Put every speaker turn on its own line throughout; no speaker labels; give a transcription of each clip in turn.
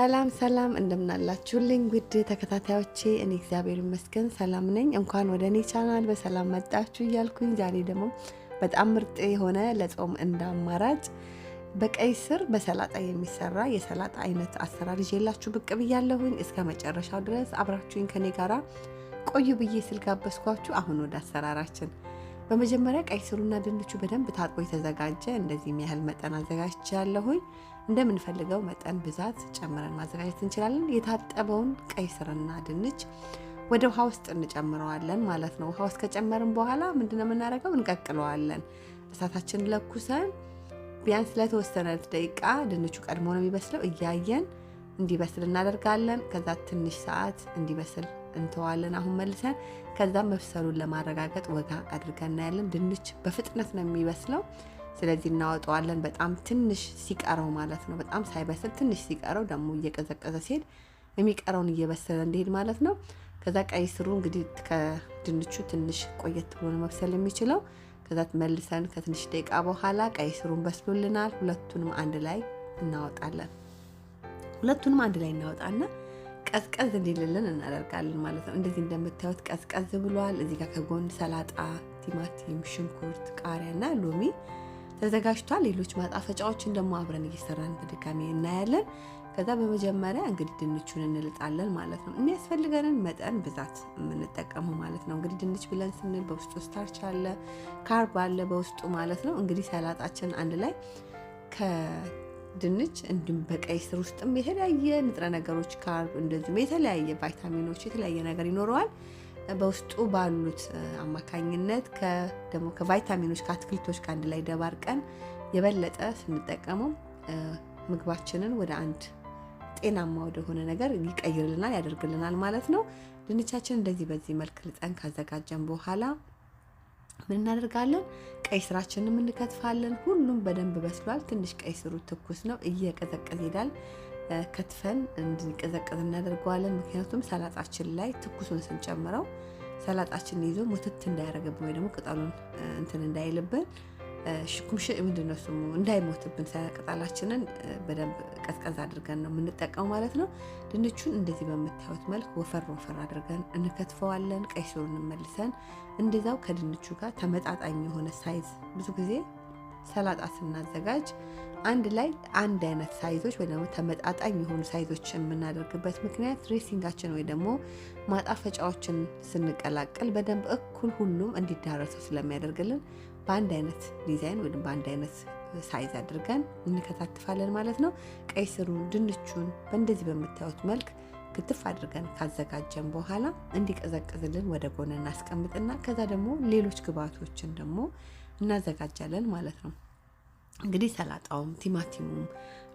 ሰላም ሰላም እንደምናላችሁልኝ ውድ ተከታታዮቼ፣ እኔ እግዚአብሔር ይመስገን ሰላም ነኝ። እንኳን ወደ እኔ ቻናል በሰላም መጣችሁ እያልኩኝ ዛሬ ደግሞ በጣም ምርጥ የሆነ ለጾም እንዳማራጭ በቀይ ስር በሰላጣ የሚሰራ የሰላጣ አይነት አሰራር ይዤላችሁ ብቅ ብያለሁኝ። እስከ መጨረሻው ድረስ አብራችሁኝ ከኔ ጋራ ቆዩ ብዬ ስል አሁን ወደ አሰራራችን በመጀመሪያ ቀይ ስሩና ድንቹ በደንብ ታጥቦ የተዘጋጀ እንደዚህ ያህል መጠን አዘጋጅቻለሁኝ። እንደምንፈልገው መጠን ብዛት ጨምረን ማዘጋጀት እንችላለን። የታጠበውን ቀይ ስርና ድንች ወደ ውሃ ውስጥ እንጨምረዋለን ማለት ነው። ውሃ ውስጥ ከጨመርን በኋላ ምንድነው የምናደርገው? እንቀቅለዋለን። እሳታችን ለኩሰን ቢያንስ ለተወሰነ ደቂቃ ድንቹ ቀድሞ ነው የሚበስለው፣ እያየን እንዲበስል እናደርጋለን። ከዛ ትንሽ ሰዓት እንዲበስል እንተዋለን። አሁን መልሰን ከዛም መብሰሉን ለማረጋገጥ ወጋ አድርገን እናያለን። ድንች በፍጥነት ነው የሚበስለው። ስለዚህ እናወጣዋለን። በጣም ትንሽ ሲቀረው ማለት ነው። በጣም ሳይበስል ትንሽ ሲቀረው ደግሞ እየቀዘቀዘ ሲሄድ የሚቀረውን እየበሰለ እንዲሄድ ማለት ነው። ከዛ ቀይ ስሩ እንግዲህ ከድንቹ ትንሽ ቆየት ብሎ ነው መብሰል የሚችለው። ከዛት መልሰን ከትንሽ ደቂቃ በኋላ ቀይ ስሩን በስሎልናል። ሁለቱንም አንድ ላይ እናወጣለን። ሁለቱንም አንድ ላይ እናወጣና ቀዝቀዝ እንዲልልን እናደርጋለን ማለት ነው። እንደዚህ እንደምታዩት ቀዝቀዝ ብሏል። እዚህ ጋር ከጎን ሰላጣ፣ ቲማቲም፣ ሽንኩርት፣ ቃሪያና ሎሚ ተዘጋጅቷል። ሌሎች ማጣፈጫዎችን ደግሞ አብረን እየሰራን በድጋሚ እናያለን። ከዛ በመጀመሪያ እንግዲህ ድንቹን እንልጣለን ማለት ነው። የሚያስፈልገንን መጠን ብዛት የምንጠቀመው ማለት ነው። እንግዲህ ድንች ብለን ስንል በውስጡ ስታርች አለ፣ ካርብ አለ በውስጡ ማለት ነው። እንግዲህ ሰላጣችን አንድ ላይ ከድንች እንዲሁም በቀይ ስር ውስጥም የተለያየ ንጥረ ነገሮች ካርብ፣ እንደዚሁም የተለያየ ቫይታሚኖች የተለያየ ነገር ይኖረዋል። በውስጡ ባሉት አማካኝነት ደግሞ ከቫይታሚኖች ከአትክልቶች ከአንድ ላይ ደባርቀን የበለጠ ስንጠቀመው ምግባችንን ወደ አንድ ጤናማ ወደሆነ ነገር ይቀይርልናል፣ ያደርግልናል ማለት ነው። ድንቻችን እንደዚህ በዚህ መልክ ልጠን ካዘጋጀን በኋላ ምን እናደርጋለን? ቀይ ስራችንን እንከትፋለን። ሁሉም በደንብ በስሏል። ትንሽ ቀይ ስሩ ትኩስ ነው፣ እየቀዘቀዘ ይሄዳል። ከትፈን እንድንቀዘቀዝ እናደርገዋለን። ምክንያቱም ሰላጣችን ላይ ትኩሱን ስንጨምረው ሰላጣችን ይዞ ሙትት እንዳያደርግብን ወይ ደግሞ ቅጠሉን እንትን እንዳይልብን ሽኩምሽ ምንድነው ስሙ እንዳይሞትብን ቅጠላችንን በደንብ ቀዝቀዝ አድርገን ነው የምንጠቀሙ ማለት ነው። ድንቹን እንደዚህ በምታዩት መልክ ወፈር ወፈር አድርገን እንከትፈዋለን። ቀይ ስሩን መልሰን እንደዛው ከድንቹ ጋር ተመጣጣኝ የሆነ ሳይዝ ብዙ ጊዜ ሰላጣ ስናዘጋጅ አንድ ላይ አንድ አይነት ሳይዞች ወይ ደግሞ ተመጣጣኝ የሆኑ ሳይዞች የምናደርግበት ምክንያት ድሬሲንጋችን ወይ ደግሞ ማጣፈጫዎችን ስንቀላቀል በደንብ እኩል ሁሉም እንዲዳረሰው ስለሚያደርግልን በአንድ አይነት ዲዛይን ወይም በአንድ አይነት ሳይዝ አድርገን እንከታትፋለን ማለት ነው። ቀይ ስሩን፣ ድንቹን በእንደዚህ በምታዩት መልክ ክትፍ አድርገን ካዘጋጀን በኋላ እንዲቀዘቅዝልን ወደ ጎን እናስቀምጥና ከዛ ደግሞ ሌሎች ግብዓቶችን ደግሞ እናዘጋጃለን ማለት ነው። እንግዲህ ሰላጣውም፣ ቲማቲሙም፣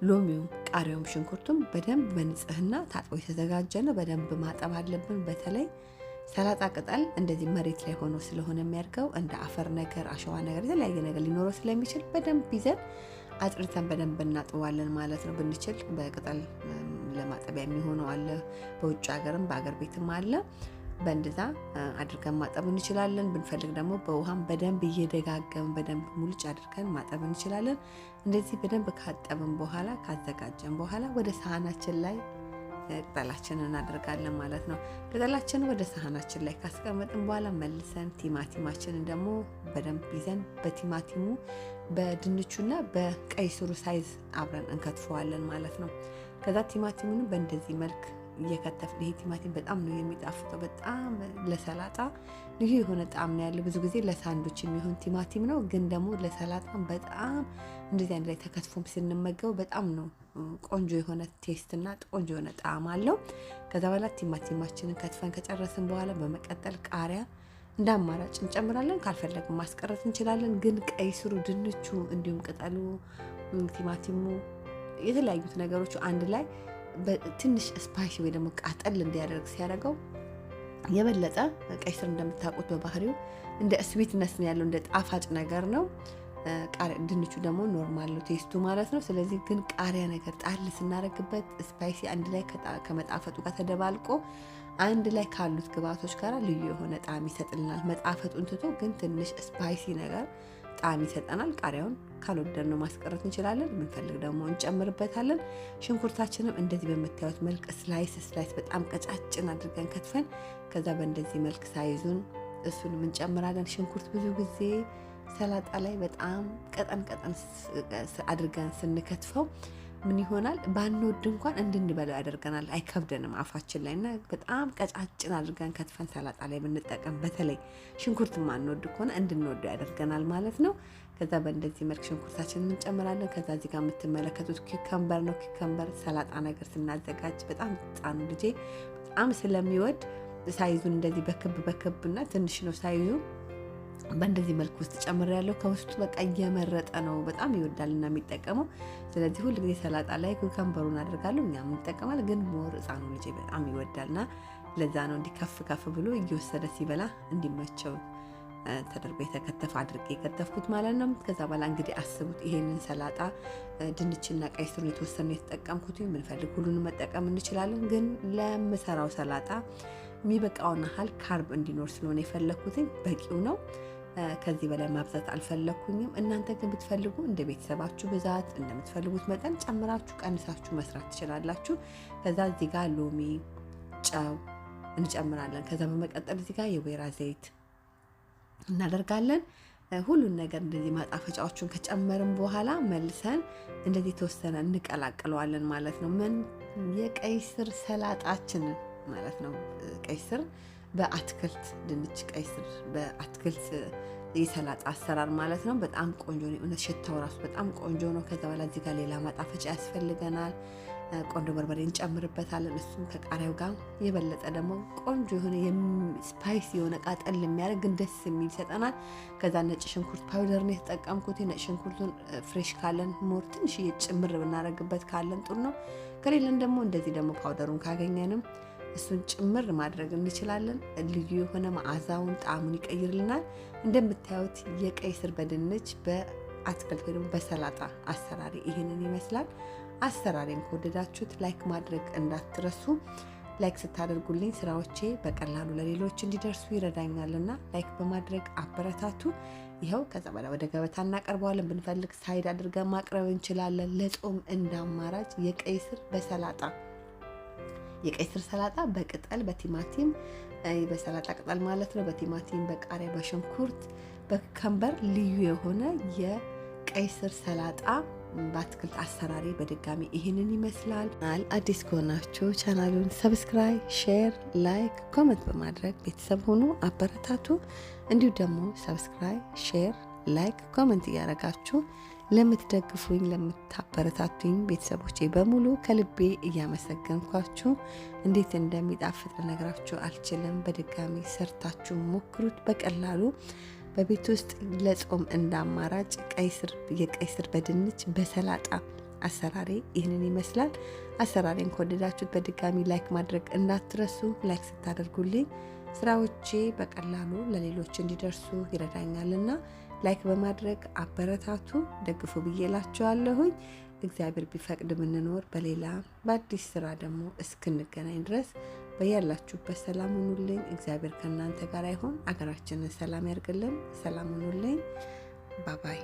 ሎሚውም፣ ቃሪያውም ሽንኩርቱም በደንብ በንጽህና ታጥቦ የተዘጋጀ ነው። በደንብ ማጠብ አለብን። በተለይ ሰላጣ ቅጠል እንደዚህ መሬት ላይ ሆኖ ስለሆነ የሚያድገው እንደ አፈር ነገር፣ አሸዋ ነገር የተለያየ ነገር ሊኖረው ስለሚችል በደንብ ይዘን አጥርተን በደንብ እናጥበዋለን ማለት ነው። ብንችል በቅጠል ለማጠቢያ የሚሆነው አለ። በውጭ ሀገርም በአገር ቤትም አለ። በእንደዛ አድርገን ማጠብ እንችላለን። ብንፈልግ ደግሞ በውሃም በደንብ እየደጋገምን በደንብ ሙልጭ አድርገን ማጠብ እንችላለን። እንደዚህ በደንብ ካጠብን በኋላ ካዘጋጀን በኋላ ወደ ሳህናችን ላይ ቅጠላችንን እናደርጋለን ማለት ነው። ቅጠላችንን ወደ ሳህናችን ላይ ካስቀመጥን በኋላ መልሰን ቲማቲማችንን ደግሞ በደንብ ይዘን በቲማቲሙ በድንቹና በቀይ ስሩ ሳይዝ አብረን እንከትፈዋለን ማለት ነው። ከዛ ቲማቲሙንም በእንደዚህ መልክ እየከተፍ ይሄ ቲማቲም በጣም ነው የሚጣፍጠው። በጣም ለሰላጣ ልዩ የሆነ ጣዕም ነው ያለው። ብዙ ጊዜ ለሳንዶች የሚሆን ቲማቲም ነው፣ ግን ደግሞ ለሰላጣም በጣም እንደዚህ አንድ ላይ ተከትፎም ስንመገበው በጣም ነው ቆንጆ የሆነ ቴስትና ቆንጆ የሆነ ጣዕም አለው። ከዛ በኋላ ቲማቲማችንን ከትፈን ከጨረስን በኋላ በመቀጠል ቃሪያ እንደ አማራጭ እንጨምራለን። ካልፈለግን ማስቀረት እንችላለን። ግን ቀይ ስሩ፣ ድንቹ፣ እንዲሁም ቅጠሉ፣ ቲማቲሙ የተለያዩት ነገሮቹ አንድ ላይ ትንሽ ስፓይሲ ወይ ደግሞ ቃጠል እንዲያደርግ ሲያደርገው የበለጠ ቀይ ስር እንደምታውቁት በባህሪው እንደ ስዊትነስ ነው ያለው፣ እንደ ጣፋጭ ነገር ነው። ድንቹ ደግሞ ኖርማል ነው ቴስቱ ማለት ነው። ስለዚህ ግን ቃሪያ ነገር ጣል ስናደርግበት ስፓይሲ አንድ ላይ ከመጣፈጡ ጋር ተደባልቆ አንድ ላይ ካሉት ግብአቶች ጋር ልዩ የሆነ ጣዕም ይሰጥልናል። መጣፈጡን ትቶ ግን ትንሽ ስፓይሲ ነገር ጣዕም ይሰጠናል። ቃሪያውን ካልወደድ ነው ማስቀረት እንችላለን። የምንፈልግ ደግሞ እንጨምርበታለን። ሽንኩርታችንም እንደዚህ በምታዩት መልክ ስላይስ ስላይስ በጣም ቀጫጭን አድርገን ከትፈን ከዛ በእንደዚህ መልክ ሳይዙን እሱንም እንጨምራለን። ሽንኩርት ብዙ ጊዜ ሰላጣ ላይ በጣም ቀጠን ቀጠን አድርገን ስንከትፈው ምን ይሆናል ባንወድ እንኳን እንድንበላው ያደርገናል። አይከብደንም አፋችን ላይ እና በጣም ቀጫጭን አድርገን ከትፈን ሰላጣ ላይ ብንጠቀም በተለይ ሽንኩርት ማንወድ ከሆነ እንድንወደው ያደርገናል ማለት ነው። ከዛ በእንደዚህ መልክ ሽንኩርታችን እንጨምራለን። ከዛ እዚህ ጋር የምትመለከቱት ኪከምበር ነው። ኪከምበር ሰላጣ ነገር ስናዘጋጅ በጣም ህፃኑ ልጄ በጣም ስለሚወድ ሳይዙን እንደዚህ በክብ በክብ እና ትንሽ ነው ሳይዙ በእንደዚህ መልክ ውስጥ ጨምር ያለው ከውስጡ በቃ እየመረጠ ነው በጣም ይወዳልና የሚጠቀመው። ስለዚህ ሁል ጊዜ ሰላጣ ላይ ኩከምበሩን አደርጋለሁ እኛም እንጠቀማል። ግን ሞር ሕፃኑ ልጅ በጣም ይወዳልና ለዛ ነው እንዲህ ከፍ ከፍ ብሎ እየወሰደ ሲበላ እንዲመቸው ተደርጎ የተከተፈ አድርጌ የከተፍኩት ማለት ነው። ከዛ በኋላ እንግዲህ አስቡት ይሄንን ሰላጣ ድንችና ቀይ ስሩን የተወሰነ የተጠቀምኩት። የምንፈልግ ሁሉንም መጠቀም እንችላለን። ግን ለምሰራው ሰላጣ የሚበቃውን ያህል ካርብ እንዲኖር ስለሆነ የፈለግኩትኝ በቂው ነው። ከዚህ በላይ ማብዛት አልፈለግኩኝም። እናንተ ግን ብትፈልጉ እንደ ቤተሰባችሁ ብዛት እንደምትፈልጉት መጠን ጨምራችሁ ቀንሳችሁ መስራት ትችላላችሁ። ከዛ እዚህ ጋ ሎሚ፣ ጨው እንጨምራለን። ከዛ በመቀጠል እዚህ ጋ የወይራ ዘይት እናደርጋለን። ሁሉን ነገር እንደዚህ ማጣፈጫዎቹን ከጨመርን በኋላ መልሰን እንደዚህ የተወሰነ እንቀላቅለዋለን ማለት ነው። ምን የቀይ ስር ሰላጣችንን ማለት ነው። ቀይ ስር በአትክልት ድንች፣ ቀይ ስር በአትክልት የሰላጣ አሰራር ማለት ነው። በጣም ቆንጆ ነው። እውነት ሽታው ራሱ በጣም ቆንጆ ነው። ከዛ በኋላ እዚህ ጋር ሌላ ማጣፈጫ ያስፈልገናል። ቆንጆ በርበሬ እንጨምርበታለን። እሱም ከቃሪያው ጋር የበለጠ ደግሞ ቆንጆ የሆነ ስፓይስ የሆነ ቃጠል የሚያደርግ ግን ደስ የሚል ይሰጠናል። ከዛ ነጭ ሽንኩርት ፓውደር ነው የተጠቀምኩት። የነጭ ሽንኩርቱን ፍሬሽ ካለን ሞር ትንሽ ጭምር ብናደርግበት ካለን ጥሩ ነው። ከሌለን ደግሞ እንደዚህ ደግሞ ፓውደሩን ካገኘንም እሱን ጭምር ማድረግ እንችላለን። ልዩ የሆነ መዓዛውን ጣዕሙን ይቀይርልናል። እንደምታዩት የቀይ ስር በድንች በአትክልት ወይ በሰላጣ አሰራሪ ይህንን ይመስላል። አሰራሪን ከወደዳችሁት ላይክ ማድረግ እንዳትረሱ። ላይክ ስታደርጉልኝ ስራዎቼ በቀላሉ ለሌሎች እንዲደርሱ ይረዳኛልና ላይክ በማድረግ አበረታቱ። ይኸው ከጸበላ ወደ ገበታ እናቀርበዋለን። ብንፈልግ ሳይድ አድርገን ማቅረብ እንችላለን። ለጾም እንደ አማራጭ የቀይ ስር በሰላጣ የቀይ ስር ሰላጣ በቅጠል በቲማቲም በሰላጣ ቅጠል ማለት ነው። በቲማቲም በቃሪያ በሽንኩርት በከምበር ልዩ የሆነ የቀይ ስር ሰላጣ በአትክልት አሰራሪ በድጋሚ ይህንን ይመስላል። አዲስ ከሆናችሁ ቻናሉን ሰብስክራይብ፣ ሼር፣ ላይክ፣ ኮመንት በማድረግ ቤተሰብ ሆኑ አበረታቱ። እንዲሁ ደግሞ ሰብስክራይብ፣ ሼር፣ ላይክ፣ ኮመንት እያደረጋችሁ ለምትደግፉኝ፣ ለምታበረታቱኝ ቤተሰቦቼ በሙሉ ከልቤ እያመሰገንኳችሁ እንዴት እንደሚጣፍጥ ልነግራችሁ አልችልም። በድጋሚ ሰርታችሁ ሞክሩት። በቀላሉ በቤት ውስጥ ለጾም እንዳማራጭ የቀይ ስር በድንች በሰላጣ አሰራሬ ይህንን ይመስላል። አሰራሬን ከወደዳችሁት በድጋሚ ላይክ ማድረግ እንዳትረሱ። ላይክ ስታደርጉልኝ ስራዎቼ በቀላሉ ለሌሎች እንዲደርሱ ይረዳኛልና ላይክ በማድረግ አበረታቱ፣ ደግፉ ብዬ ላችኋለሁኝ። እግዚአብሔር ቢፈቅድ ብንኖር በሌላ በአዲስ ስራ ደግሞ እስክንገናኝ ድረስ በያላችሁበት ሰላም ሁኑልኝ። እግዚአብሔር ከእናንተ ጋር ይሆን። አገራችንን ሰላም ያርግልን። ሰላም ሁኑልኝ። ባባይ